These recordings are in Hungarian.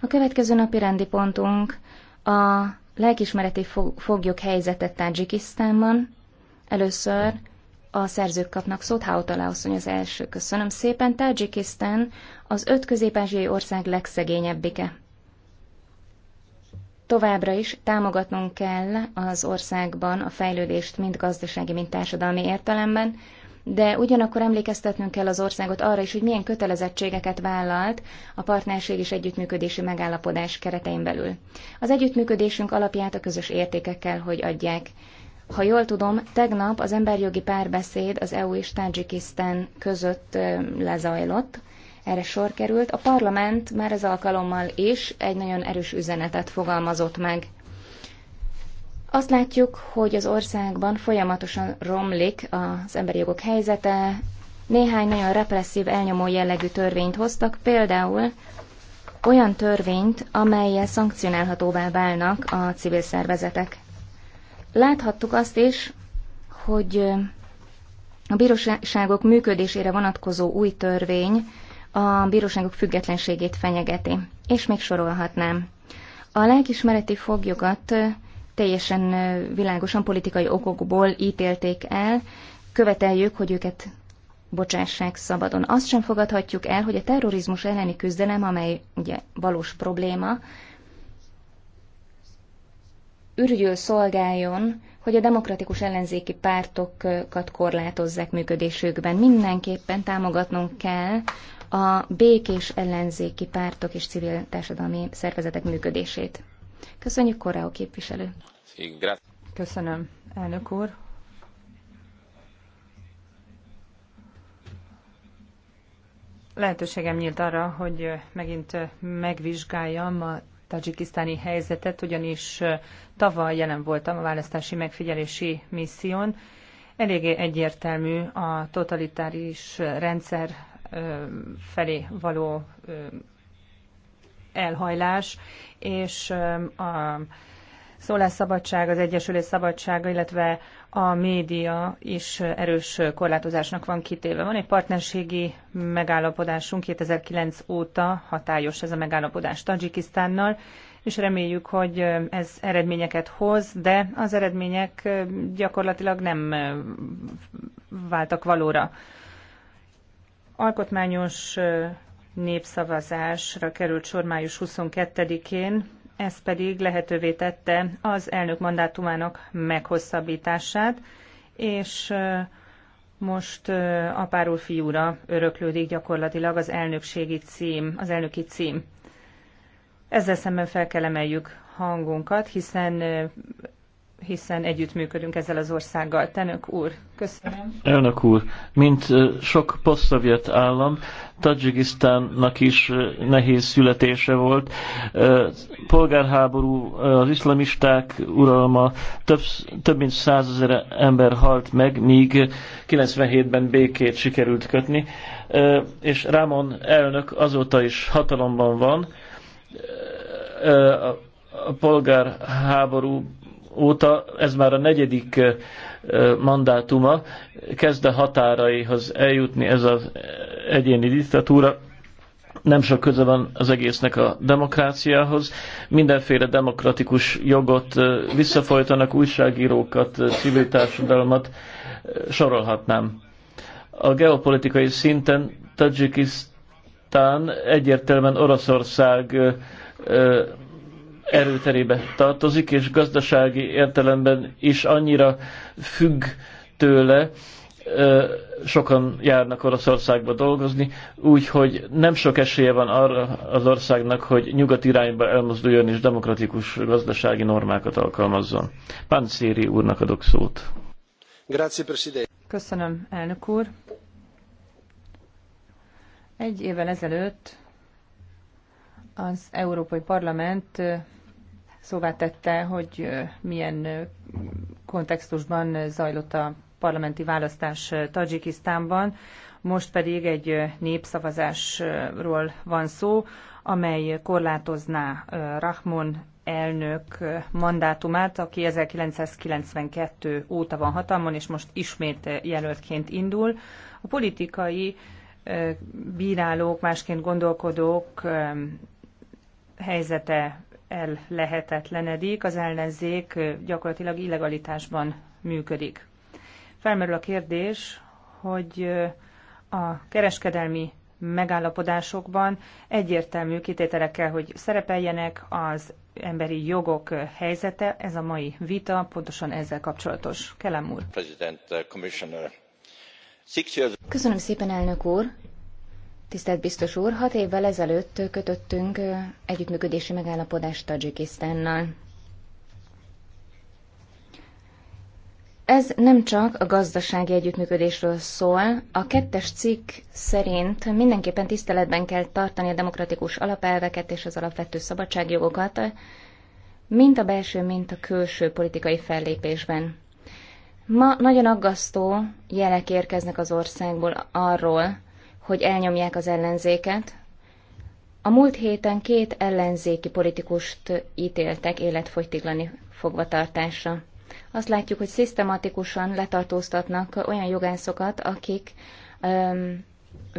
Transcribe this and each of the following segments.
A következő napi rendi pontunk a lelkismereti foglyok helyzetet Tajikisztánban. Először a szerzők kapnak szót, Hautala asszony az első. Köszönöm szépen. Tajikisztán az öt közép-ázsiai ország legszegényebbike. Továbbra is támogatnunk kell az országban a fejlődést mind gazdasági, mind társadalmi értelemben, de ugyanakkor emlékeztetnünk kell az országot arra is, hogy milyen kötelezettségeket vállalt a partnerség és együttműködési megállapodás keretein belül. Az együttműködésünk alapját a közös értékekkel, hogy adják. Ha jól tudom, tegnap az emberjogi párbeszéd az EU és Tajikisztán között lezajlott, erre sor került. A parlament már az alkalommal is egy nagyon erős üzenetet fogalmazott meg. Azt látjuk, hogy az országban folyamatosan romlik az emberi jogok helyzete, néhány nagyon represszív, elnyomó jellegű törvényt hoztak, például olyan törvényt, amelyel szankcionálhatóvá válnak a civil szervezetek. Láthattuk azt is, hogy a bíróságok működésére vonatkozó új törvény a bíróságok függetlenségét fenyegeti, és még sorolhatnám. A lelkismereti fogjogat teljesen világosan politikai okokból ítélték el, követeljük, hogy őket bocsássák szabadon. Azt sem fogadhatjuk el, hogy a terrorizmus elleni küzdelem, amely ugye valós probléma, ürügyül szolgáljon, hogy a demokratikus ellenzéki pártokat korlátozzák működésükben. Mindenképpen támogatnunk kell a békés ellenzéki pártok és civil társadalmi szervezetek működését. Köszönjük, Koreó képviselő. Köszönöm, elnök úr. Lehetőségem nyílt arra, hogy megint megvizsgáljam a tajikisztáni helyzetet, ugyanis tavaly jelen voltam a választási megfigyelési misszión. Eléggé egyértelmű a totalitáris rendszer felé való elhajlás, és a szólásszabadság, az egyesülés szabadsága, illetve a média is erős korlátozásnak van kitéve. Van egy partnerségi megállapodásunk 2009 óta, hatályos ez a megállapodás Tajikisztánnal, és reméljük, hogy ez eredményeket hoz, de az eredmények gyakorlatilag nem váltak valóra. Alkotmányos népszavazásra került sor május 22-én, ez pedig lehetővé tette az elnök mandátumának meghosszabbítását, és most a párul fiúra öröklődik gyakorlatilag az elnökségi cím, az elnöki cím. Ezzel szemben fel kell emeljük hangunkat, hiszen hiszen együttműködünk ezzel az országgal. Tenök úr, köszönöm. Elnök úr, mint sok posztszovjet állam, Tajikisztánnak is nehéz születése volt. Polgárháború, az iszlamisták uralma, több, több mint százezer ember halt meg, míg 97-ben békét sikerült kötni, és Rámon elnök azóta is hatalomban van. A polgárháború óta, ez már a negyedik mandátuma, kezd a határaihoz eljutni ez az egyéni diktatúra, nem sok köze van az egésznek a demokráciához. Mindenféle demokratikus jogot visszafolytanak, újságírókat, civil társadalmat sorolhatnám. A geopolitikai szinten Tajikisztán egyértelműen Oroszország erőterébe tartozik, és gazdasági értelemben is annyira függ tőle, sokan járnak Oroszországba dolgozni, úgyhogy nem sok esélye van arra az országnak, hogy nyugat irányba elmozduljon és demokratikus gazdasági normákat alkalmazzon. Széri úrnak adok szót. Köszönöm, elnök úr. Egy évvel ezelőtt az Európai Parlament szóvá tette, hogy milyen kontextusban zajlott a parlamenti választás Tajikisztánban. Most pedig egy népszavazásról van szó, amely korlátozná Rahmon elnök mandátumát, aki 1992 óta van hatalmon, és most ismét jelöltként indul. A politikai bírálók, másként gondolkodók helyzete ellehetetlenedik, az ellenzék gyakorlatilag illegalitásban működik. Felmerül a kérdés, hogy a kereskedelmi megállapodásokban egyértelmű kitételekkel, hogy szerepeljenek az emberi jogok helyzete. Ez a mai vita pontosan ezzel kapcsolatos. Kelem úr. Uh, Köszönöm szépen, elnök úr. Tisztelt biztos úr, hat évvel ezelőtt kötöttünk együttműködési megállapodást Tajikisztánnal. Ez nem csak a gazdasági együttműködésről szól. A kettes cikk szerint mindenképpen tiszteletben kell tartani a demokratikus alapelveket és az alapvető szabadságjogokat, mint a belső, mint a külső politikai fellépésben. Ma nagyon aggasztó jelek érkeznek az országból arról, hogy elnyomják az ellenzéket. A múlt héten két ellenzéki politikust ítéltek életfogytiglani fogvatartásra. Azt látjuk, hogy szisztematikusan letartóztatnak olyan jogászokat, akik öm,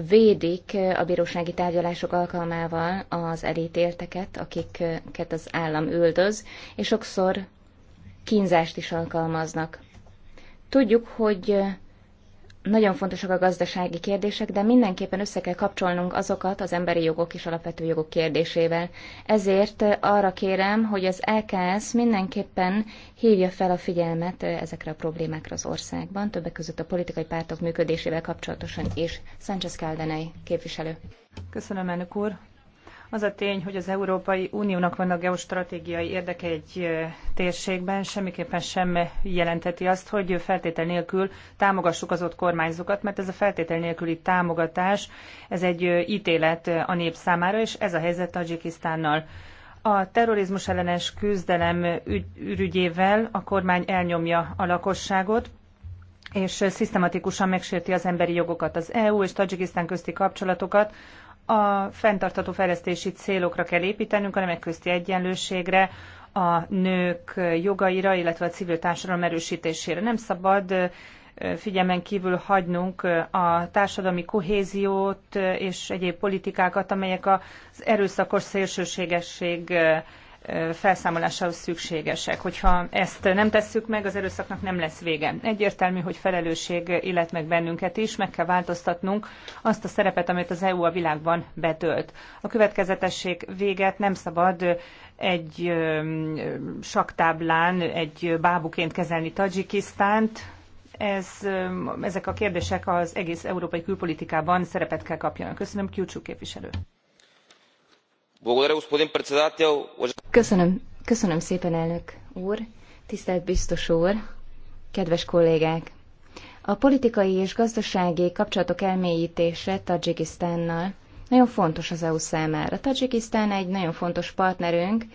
védik a bírósági tárgyalások alkalmával az elítélteket, akiket az állam üldöz, és sokszor kínzást is alkalmaznak. Tudjuk, hogy nagyon fontosak a gazdasági kérdések, de mindenképpen össze kell kapcsolnunk azokat az emberi jogok és alapvető jogok kérdésével. Ezért arra kérem, hogy az LKS mindenképpen hívja fel a figyelmet ezekre a problémákra az országban, többek között a politikai pártok működésével kapcsolatosan is. Sánchez Caldenei képviselő. Köszönöm, elnök úr. Az a tény, hogy az Európai Uniónak vannak geostratégiai érdeke egy térségben, semmiképpen sem jelenteti azt, hogy feltétel nélkül támogassuk az ott kormányzókat, mert ez a feltétel nélküli támogatás, ez egy ítélet a nép számára, és ez a helyzet Tajikisztánnal. A terrorizmus ellenes küzdelem ürügyével a kormány elnyomja a lakosságot, és szisztematikusan megsérti az emberi jogokat. Az EU és Tajikisztán közti kapcsolatokat a fenntartható fejlesztési célokra kell építenünk, a nemek közti egyenlőségre, a nők jogaira, illetve a civil társadalom erősítésére. Nem szabad figyelmen kívül hagynunk a társadalmi kohéziót és egyéb politikákat, amelyek az erőszakos szélsőségesség felszámolásához szükségesek. Hogyha ezt nem tesszük meg, az erőszaknak nem lesz vége. Egyértelmű, hogy felelősség illet meg bennünket is, meg kell változtatnunk azt a szerepet, amit az EU a világban betölt. A következetesség véget nem szabad egy saktáblán, egy bábuként kezelni Tadzsikisztánt, ez, ezek a kérdések az egész európai külpolitikában szerepet kell kapjanak. Köszönöm, Kyúcsú képviselő. Köszönöm. Köszönöm szépen, elnök úr. Tisztelt biztos úr, kedves kollégák! A politikai és gazdasági kapcsolatok elmélyítése Tajikisztánnal nagyon fontos az EU számára. Tajikisztán egy nagyon fontos partnerünk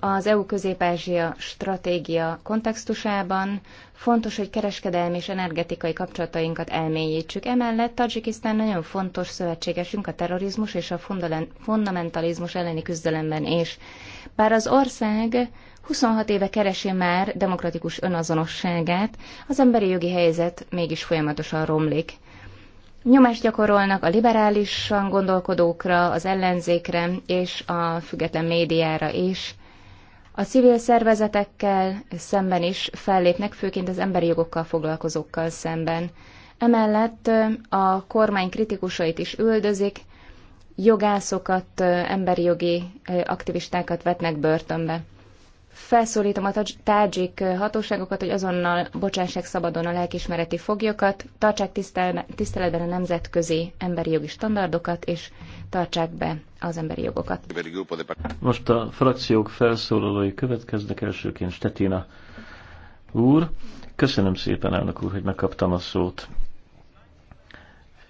az EU közép-ázsia stratégia kontextusában. Fontos, hogy kereskedelmi és energetikai kapcsolatainkat elmélyítsük. Emellett Tajikisztán nagyon fontos szövetségesünk a terrorizmus és a fundamentalizmus elleni küzdelemben is. Bár az ország 26 éve keresi már demokratikus önazonosságát, az emberi jogi helyzet mégis folyamatosan romlik nyomást gyakorolnak a liberálisan gondolkodókra, az ellenzékre és a független médiára is. A civil szervezetekkel szemben is fellépnek, főként az emberi jogokkal foglalkozókkal szemben. Emellett a kormány kritikusait is üldözik, jogászokat, emberi jogi aktivistákat vetnek börtönbe. Felszólítom a tádzsik hatóságokat, hogy azonnal bocsássák szabadon a lelkismereti foglyokat, tartsák tiszteletben a nemzetközi emberi jogi standardokat, és tartsák be az emberi jogokat. Most a frakciók felszólalói következnek, elsőként Stetina úr. Köszönöm szépen, elnök úr, hogy megkaptam a szót.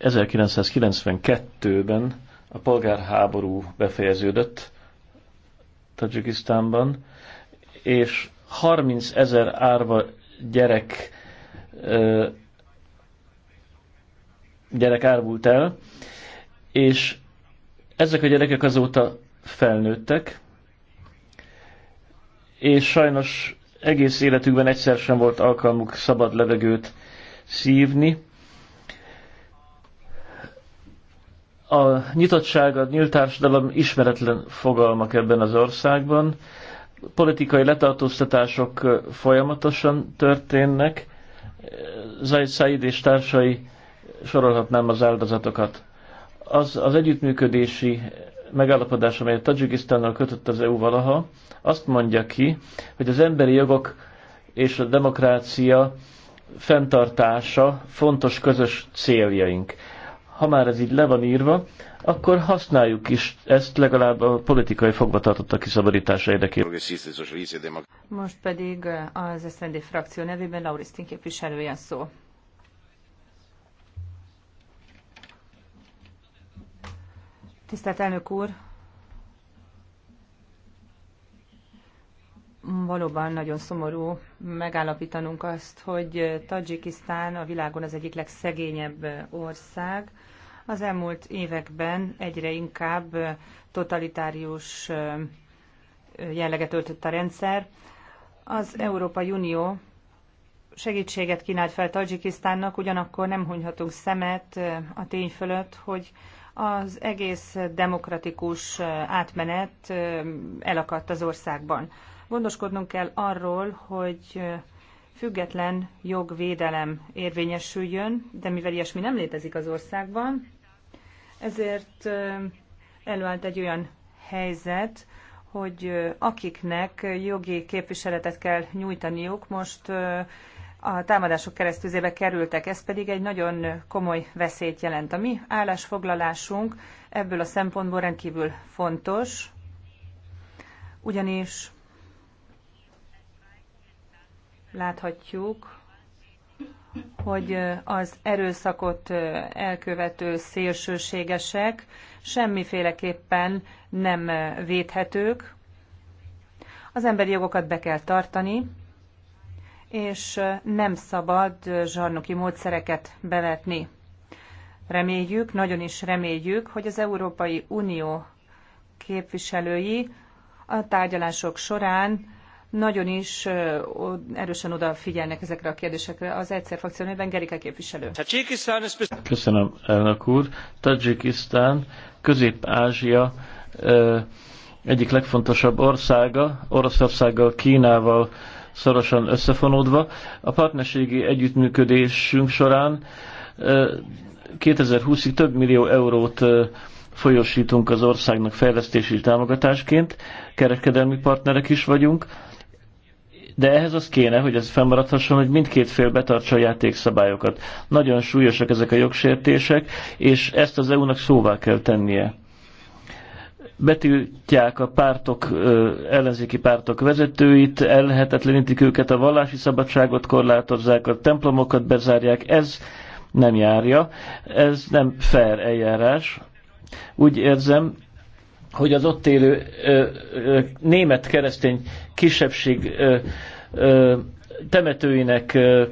1992-ben a polgárháború befejeződött Tajikisztánban, és 30 ezer árva gyerek gyerek árvult el, és ezek a gyerekek azóta felnőttek, és sajnos egész életükben egyszer sem volt alkalmuk szabad levegőt szívni. A nyitottság, a nyílt társadalom ismeretlen fogalmak ebben az országban politikai letartóztatások folyamatosan történnek. Zaid Said és társai sorolhatnám az áldozatokat. Az, az együttműködési megállapodás, amelyet Tajikisztánnal kötött az EU valaha, azt mondja ki, hogy az emberi jogok és a demokrácia fenntartása fontos közös céljaink ha már ez így le van írva, akkor használjuk is ezt legalább a politikai fogvatartottak kiszabadítása érdekében. Most pedig az SZND frakció nevében Laurisztin képviselője szó. Tisztelt elnök úr, valóban nagyon szomorú megállapítanunk azt, hogy Tadzsikisztán a világon az egyik legszegényebb ország. Az elmúlt években egyre inkább totalitárius jelleget öltött a rendszer. Az Európai Unió segítséget kínált fel Tadzsikisztánnak, ugyanakkor nem hunyhatunk szemet a tény fölött, hogy az egész demokratikus átmenet elakadt az országban. Gondoskodnunk kell arról, hogy független jogvédelem érvényesüljön, de mivel ilyesmi nem létezik az országban, ezért előállt egy olyan helyzet, hogy akiknek jogi képviseletet kell nyújtaniuk, most a támadások keresztüzébe kerültek, ez pedig egy nagyon komoly veszélyt jelent. A mi állásfoglalásunk ebből a szempontból rendkívül fontos, ugyanis láthatjuk, hogy az erőszakot elkövető szélsőségesek semmiféleképpen nem védhetők. Az emberi jogokat be kell tartani, és nem szabad zsarnoki módszereket bevetni. Reméljük, nagyon is reméljük, hogy az Európai Unió képviselői a tárgyalások során nagyon is erősen odafigyelnek ezekre a kérdésekre az egyszer frakciónőben Gerike képviselő. Köszönöm, elnök úr. Tajikisztán, Közép-Ázsia egyik legfontosabb országa, Oroszországgal, Kínával szorosan összefonódva. A partnerségi együttműködésünk során 2020-ig több millió eurót folyosítunk az országnak fejlesztési támogatásként, kereskedelmi partnerek is vagyunk de ehhez az kéne, hogy ez fennmaradhasson, hogy mindkét fél betartsa a játékszabályokat. Nagyon súlyosak ezek a jogsértések, és ezt az EU-nak szóvá kell tennie. Betiltják a pártok, ellenzéki pártok vezetőit, ellehetetlenítik őket, a vallási szabadságot korlátozzák, a templomokat bezárják, ez nem járja, ez nem fair eljárás. Úgy érzem, hogy az ott élő ö, ö, német keresztény kisebbség ö, ö, temetőinek ö,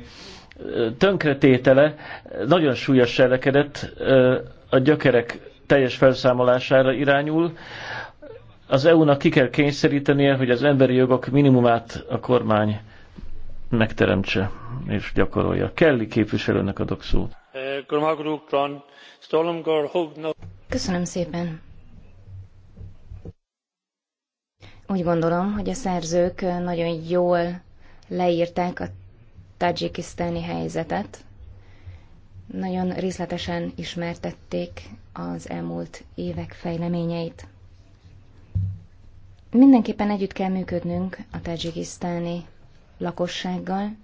tönkretétele nagyon súlyos selekedett, ö, a gyökerek teljes felszámolására irányul. Az EU-nak ki kell kényszerítenie, hogy az emberi jogok minimumát a kormány megteremtse és gyakorolja. Kelly képviselőnek adok szót. Köszönöm szépen. Úgy gondolom, hogy a szerzők nagyon jól leírták a tajikisztáni helyzetet, nagyon részletesen ismertették az elmúlt évek fejleményeit. Mindenképpen együtt kell működnünk a tajikisztáni lakossággal,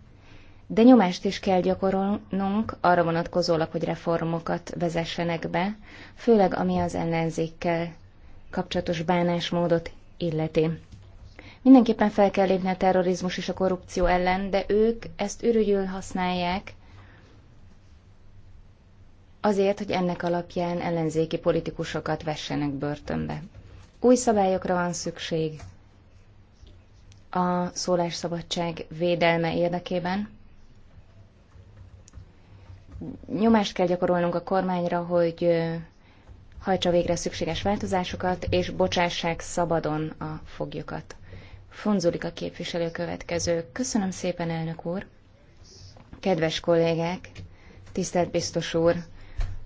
de nyomást is kell gyakorolnunk arra vonatkozólag, hogy reformokat vezessenek be, főleg ami az ellenzékkel kapcsolatos bánásmódot illeti. Mindenképpen fel kell lépni a terrorizmus és a korrupció ellen, de ők ezt ürügyül használják azért, hogy ennek alapján ellenzéki politikusokat vessenek börtönbe. Új szabályokra van szükség a szólásszabadság védelme érdekében. Nyomást kell gyakorolnunk a kormányra, hogy hajtsa végre szükséges változásokat, és bocsássák szabadon a foglyokat. Fonzulik a képviselő következő. Köszönöm szépen, elnök úr! Kedves kollégák, tisztelt biztos úr!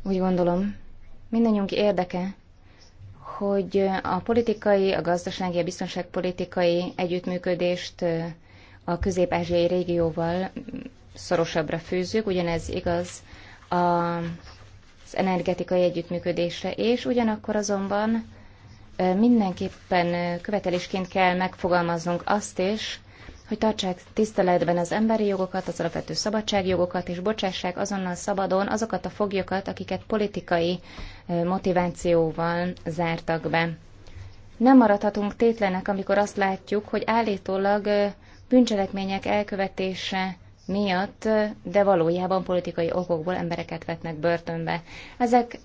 Úgy gondolom, mindannyiunk érdeke, hogy a politikai, a gazdasági, a biztonságpolitikai együttműködést a közép-ázsiai régióval szorosabbra fűzzük, ugyanez igaz a az energetikai együttműködésre, és ugyanakkor azonban mindenképpen követelésként kell megfogalmaznunk azt is, hogy tartsák tiszteletben az emberi jogokat, az alapvető szabadságjogokat, és bocsássák azonnal szabadon azokat a foglyokat, akiket politikai motivációval zártak be. Nem maradhatunk tétlenek, amikor azt látjuk, hogy állítólag bűncselekmények elkövetése miatt, de valójában politikai okokból embereket vetnek börtönbe. Ezek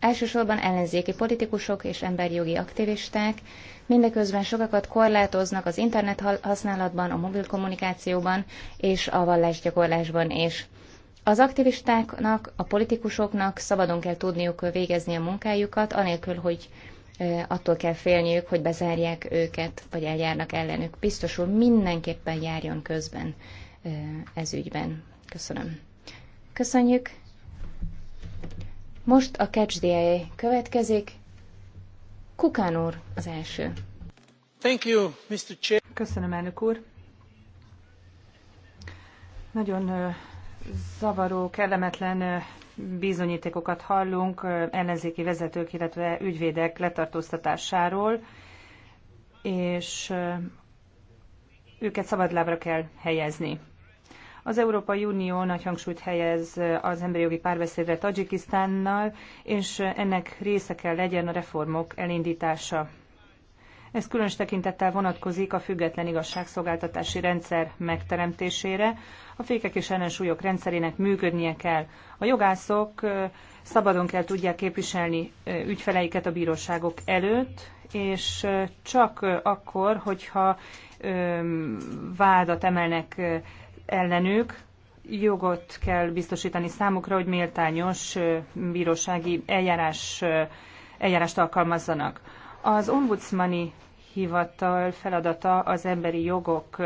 elsősorban ellenzéki politikusok és emberjogi aktivisták, mindeközben sokakat korlátoznak az internet használatban, a mobil kommunikációban és a vallásgyakorlásban is. Az aktivistáknak, a politikusoknak szabadon kell tudniuk végezni a munkájukat, anélkül, hogy attól kell félniük, hogy bezárják őket, vagy eljárnak ellenük. Biztosul mindenképpen járjon közben ez ügyben. Köszönöm. Köszönjük. Most a CatchDA következik. Kukán úr az első. Thank you, Mr. Chair. Köszönöm, elnök úr. Nagyon zavaró, kellemetlen bizonyítékokat hallunk ellenzéki vezetők, illetve ügyvédek letartóztatásáról, és őket szabadlábra kell helyezni. Az Európai Unió nagy hangsúlyt helyez az emberi jogi párbeszédre Tajikisztánnal, és ennek része kell legyen a reformok elindítása. Ez különös tekintettel vonatkozik a független igazságszolgáltatási rendszer megteremtésére. A fékek és ellensúlyok rendszerének működnie kell. A jogászok szabadon kell tudják képviselni ügyfeleiket a bíróságok előtt, és csak akkor, hogyha vádat emelnek ellenük jogot kell biztosítani számukra, hogy méltányos bírósági eljárás, eljárást alkalmazzanak. Az ombudsmani hivatal feladata az emberi jogok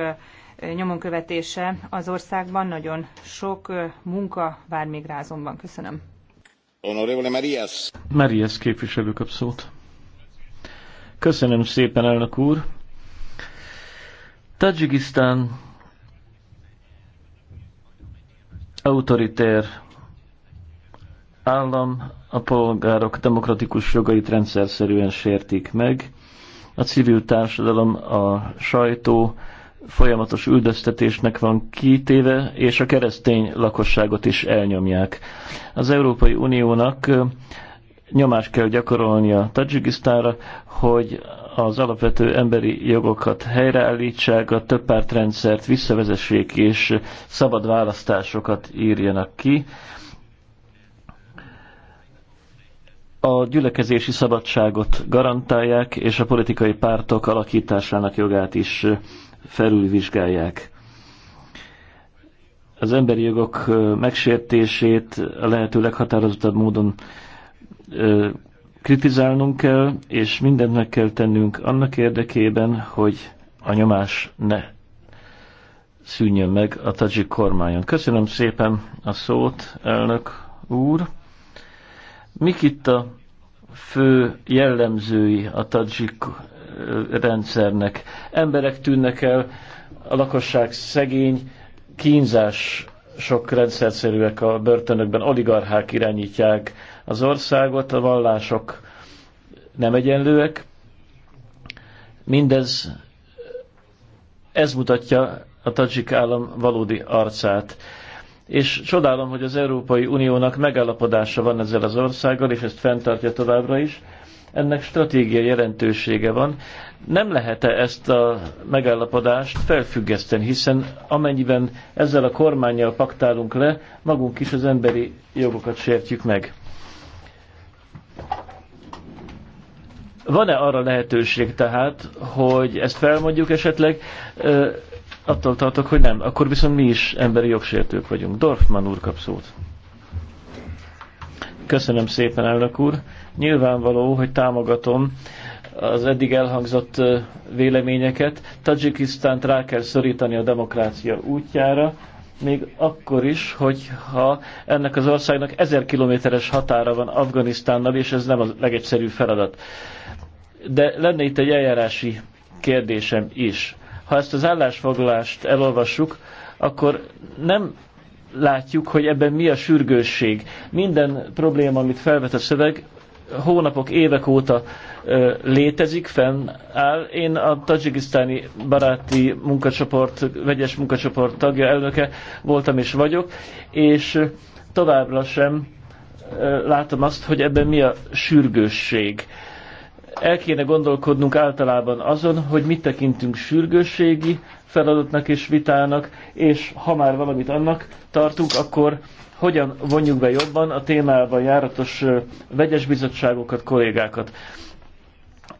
nyomon követése az országban. Nagyon sok munka vár még rá azonban. Köszönöm. Honorable Marias. Marias képviselő kap szót. Köszönöm szépen, elnök úr. Tajikisztán autoritér állam a polgárok demokratikus jogait rendszerszerűen sértik meg, a civil társadalom, a sajtó folyamatos üldöztetésnek van kitéve, és a keresztény lakosságot is elnyomják. Az Európai Uniónak nyomást kell gyakorolni a Tajikisztánra, hogy az alapvető emberi jogokat helyreállítsák, a több pártrendszert visszavezessék és szabad választásokat írjanak ki. A gyülekezési szabadságot garantálják, és a politikai pártok alakításának jogát is felülvizsgálják az emberi jogok megsértését a lehető leghatározottabb módon kritizálnunk kell, és mindent meg kell tennünk annak érdekében, hogy a nyomás ne szűnjön meg a tajik kormányon. Köszönöm szépen a szót, elnök úr. Mik itt a fő jellemzői a tajik rendszernek? Emberek tűnnek el, a lakosság szegény, kínzás sok rendszerszerűek a börtönökben, oligarchák irányítják az országot, a vallások nem egyenlőek. Mindez, ez mutatja a tadzsik állam valódi arcát. És csodálom, hogy az Európai Uniónak megállapodása van ezzel az országgal, és ezt fenntartja továbbra is ennek stratégiai jelentősége van. Nem lehet-e ezt a megállapodást felfüggeszteni, hiszen amennyiben ezzel a kormányjal paktálunk le, magunk is az emberi jogokat sértjük meg. Van-e arra lehetőség tehát, hogy ezt felmondjuk esetleg? Attól tartok, hogy nem. Akkor viszont mi is emberi jogsértők vagyunk. Dorfman úr kap szót. Köszönöm szépen, elnök úr. Nyilvánvaló, hogy támogatom az eddig elhangzott véleményeket. Tajikisztánt rá kell szorítani a demokrácia útjára, még akkor is, hogyha ennek az országnak ezer kilométeres határa van Afganisztánnal, és ez nem a legegyszerűbb feladat. De lenne itt egy eljárási kérdésem is. Ha ezt az állásfoglalást elolvassuk, akkor nem látjuk, hogy ebben mi a sürgősség. Minden probléma, amit felvet a szöveg, hónapok, évek óta létezik, fennáll. Én a tajikisztáni baráti munkacsoport, vegyes munkacsoport tagja, elnöke voltam és vagyok, és továbbra sem látom azt, hogy ebben mi a sürgősség el kéne gondolkodnunk általában azon, hogy mit tekintünk sürgősségi feladatnak és vitának, és ha már valamit annak tartunk, akkor hogyan vonjuk be jobban a témában járatos vegyes bizottságokat, kollégákat.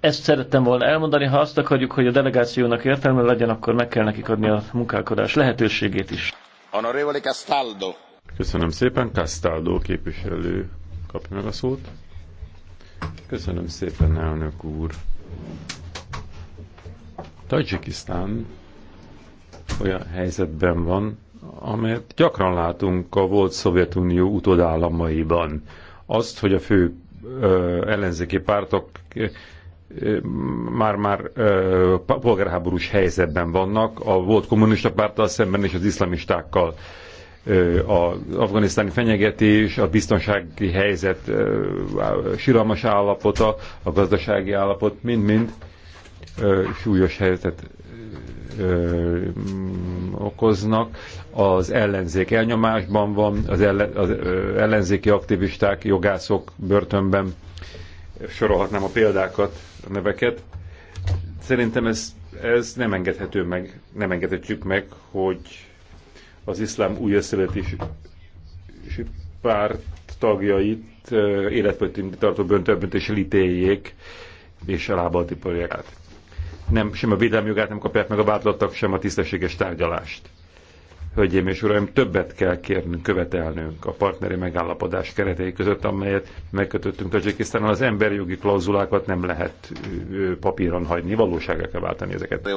Ezt szerettem volna elmondani, ha azt akarjuk, hogy a delegációnak értelme legyen, akkor meg kell nekik adni a munkálkodás lehetőségét is. Honorevole Castaldo. Köszönöm szépen, Castaldo képviselő kapja meg a szót. Köszönöm szépen, elnök úr. Tajikisztán olyan helyzetben van, amelyet gyakran látunk a volt Szovjetunió utódállamaiban. Azt, hogy a fő ö, ellenzéki pártok már-már polgárháborús helyzetben vannak, a volt kommunista párttal szemben és az iszlamistákkal az afganisztáni fenyegetés, a biztonsági helyzet síralmas állapota, a gazdasági állapot, mind-mind súlyos helyzetet okoznak. Az ellenzék elnyomásban van, az, ellen, az ellenzéki aktivisták, jogászok börtönben sorolhatnám a példákat, a neveket. Szerintem ez, ez nem engedhető meg, nem engedhetjük meg, hogy az iszlám újjászületési párt tagjait életfogytig tartó böntöböntéssel ítéljék, és a lábbal Nem, sem a védelmi jogát nem kapják meg a vádlottak, sem a tisztességes tárgyalást. Hölgyeim és Uraim, többet kell kérnünk, követelnünk a partneri megállapodás keretei között, amelyet megkötöttünk Tajikisztánnal. Az emberi jogi klauzulákat nem lehet papíron hagyni, valóságra kell váltani ezeket.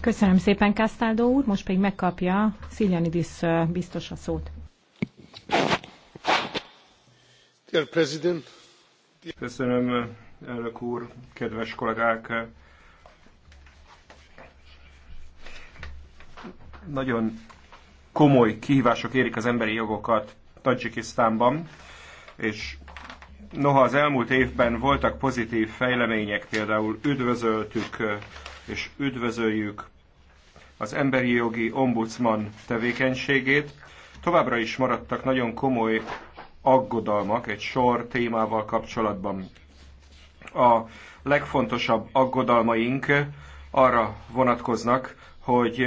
Köszönöm szépen, Kásztáldó úr. Most pedig megkapja Szilianidis biztos a szót. Köszönöm, elnök úr, kedves kollégák! Nagyon komoly kihívások érik az emberi jogokat Tadzsikisztánban, és noha az elmúlt évben voltak pozitív fejlemények, például üdvözöltük és üdvözöljük az emberi jogi ombudsman tevékenységét, továbbra is maradtak nagyon komoly aggodalmak egy sor témával kapcsolatban. A legfontosabb aggodalmaink arra vonatkoznak, hogy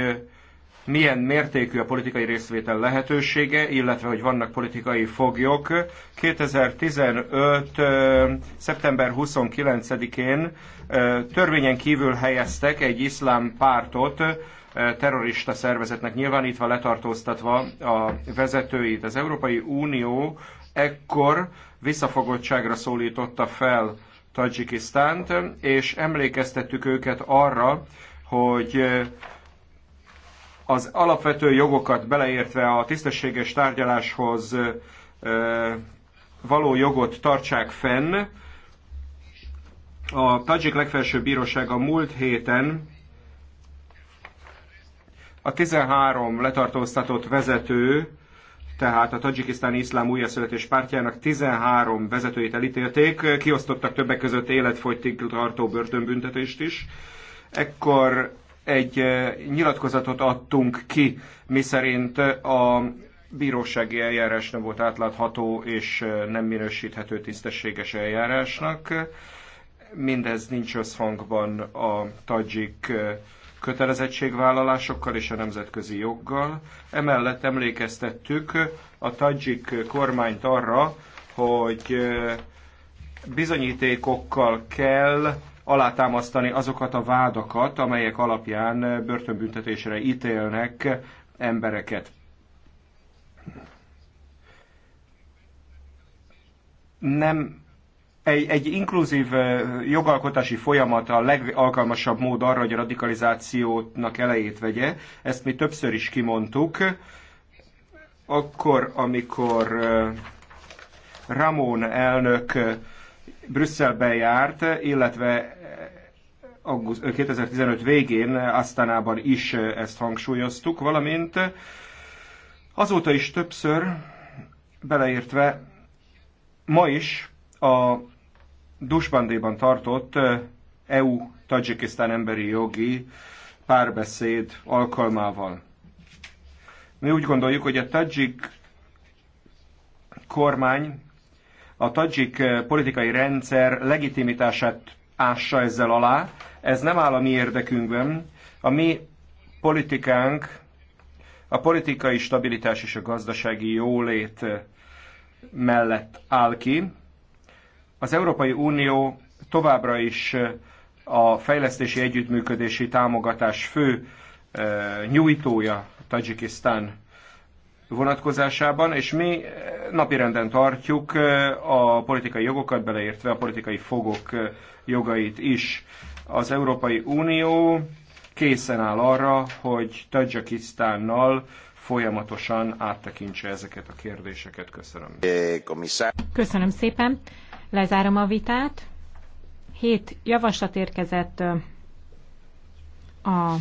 milyen mértékű a politikai részvétel lehetősége, illetve hogy vannak politikai foglyok. 2015. szeptember 29-én törvényen kívül helyeztek egy iszlám pártot, terrorista szervezetnek nyilvánítva, letartóztatva a vezetőit. Az Európai Unió ekkor visszafogottságra szólította fel Tajikisztánt, és emlékeztettük őket arra, hogy az alapvető jogokat beleértve a tisztességes tárgyaláshoz való jogot tartsák fenn. A Tajik legfelsőbb bírósága múlt héten a 13 letartóztatott vezető, tehát a Tajikisztáni Iszlám újjászületés pártjának 13 vezetőjét elítélték, kiosztottak többek között életfogytig tartó börtönbüntetést is. Ekkor egy nyilatkozatot adtunk ki, miszerint a bírósági eljárás nem volt átlátható és nem minősíthető tisztességes eljárásnak. Mindez nincs összhangban a tajik kötelezettségvállalásokkal és a nemzetközi joggal. Emellett emlékeztettük a tajik kormányt arra, hogy bizonyítékokkal kell alátámasztani azokat a vádakat, amelyek alapján börtönbüntetésre ítélnek embereket. Nem egy, egy inkluzív jogalkotási folyamat a legalkalmasabb mód arra, hogy a radikalizációnak elejét vegye. Ezt mi többször is kimondtuk. Akkor, amikor Ramón elnök Brüsszelbe járt, illetve 2015 eh, eh, végén Asztanában is eh, ezt hangsúlyoztuk, valamint azóta is többször beleértve ma is a Dusbandéban tartott EU-Tajikisztán e emberi jogi párbeszéd alkalmával. Mi úgy gondoljuk, hogy a tajik kormány a tadzsik eh, politikai rendszer legitimitását ássa ezzel alá. Ez nem áll a mi érdekünkben. A mi politikánk, a politikai stabilitás és a gazdasági jólét eh, mellett áll ki. Az Európai Unió továbbra is eh, a fejlesztési együttműködési támogatás fő nyújtója Tajikisztán vonatkozásában, és mi eh, napirenden tartjuk eh, a politikai jogokat, beleértve a politikai fogok eh, jogait is. Az Európai Unió készen áll arra, hogy Tajikisztánnal folyamatosan áttekintse ezeket a kérdéseket. Köszönöm. Köszönöm szépen. Lezárom a vitát. Hét javaslat érkezett a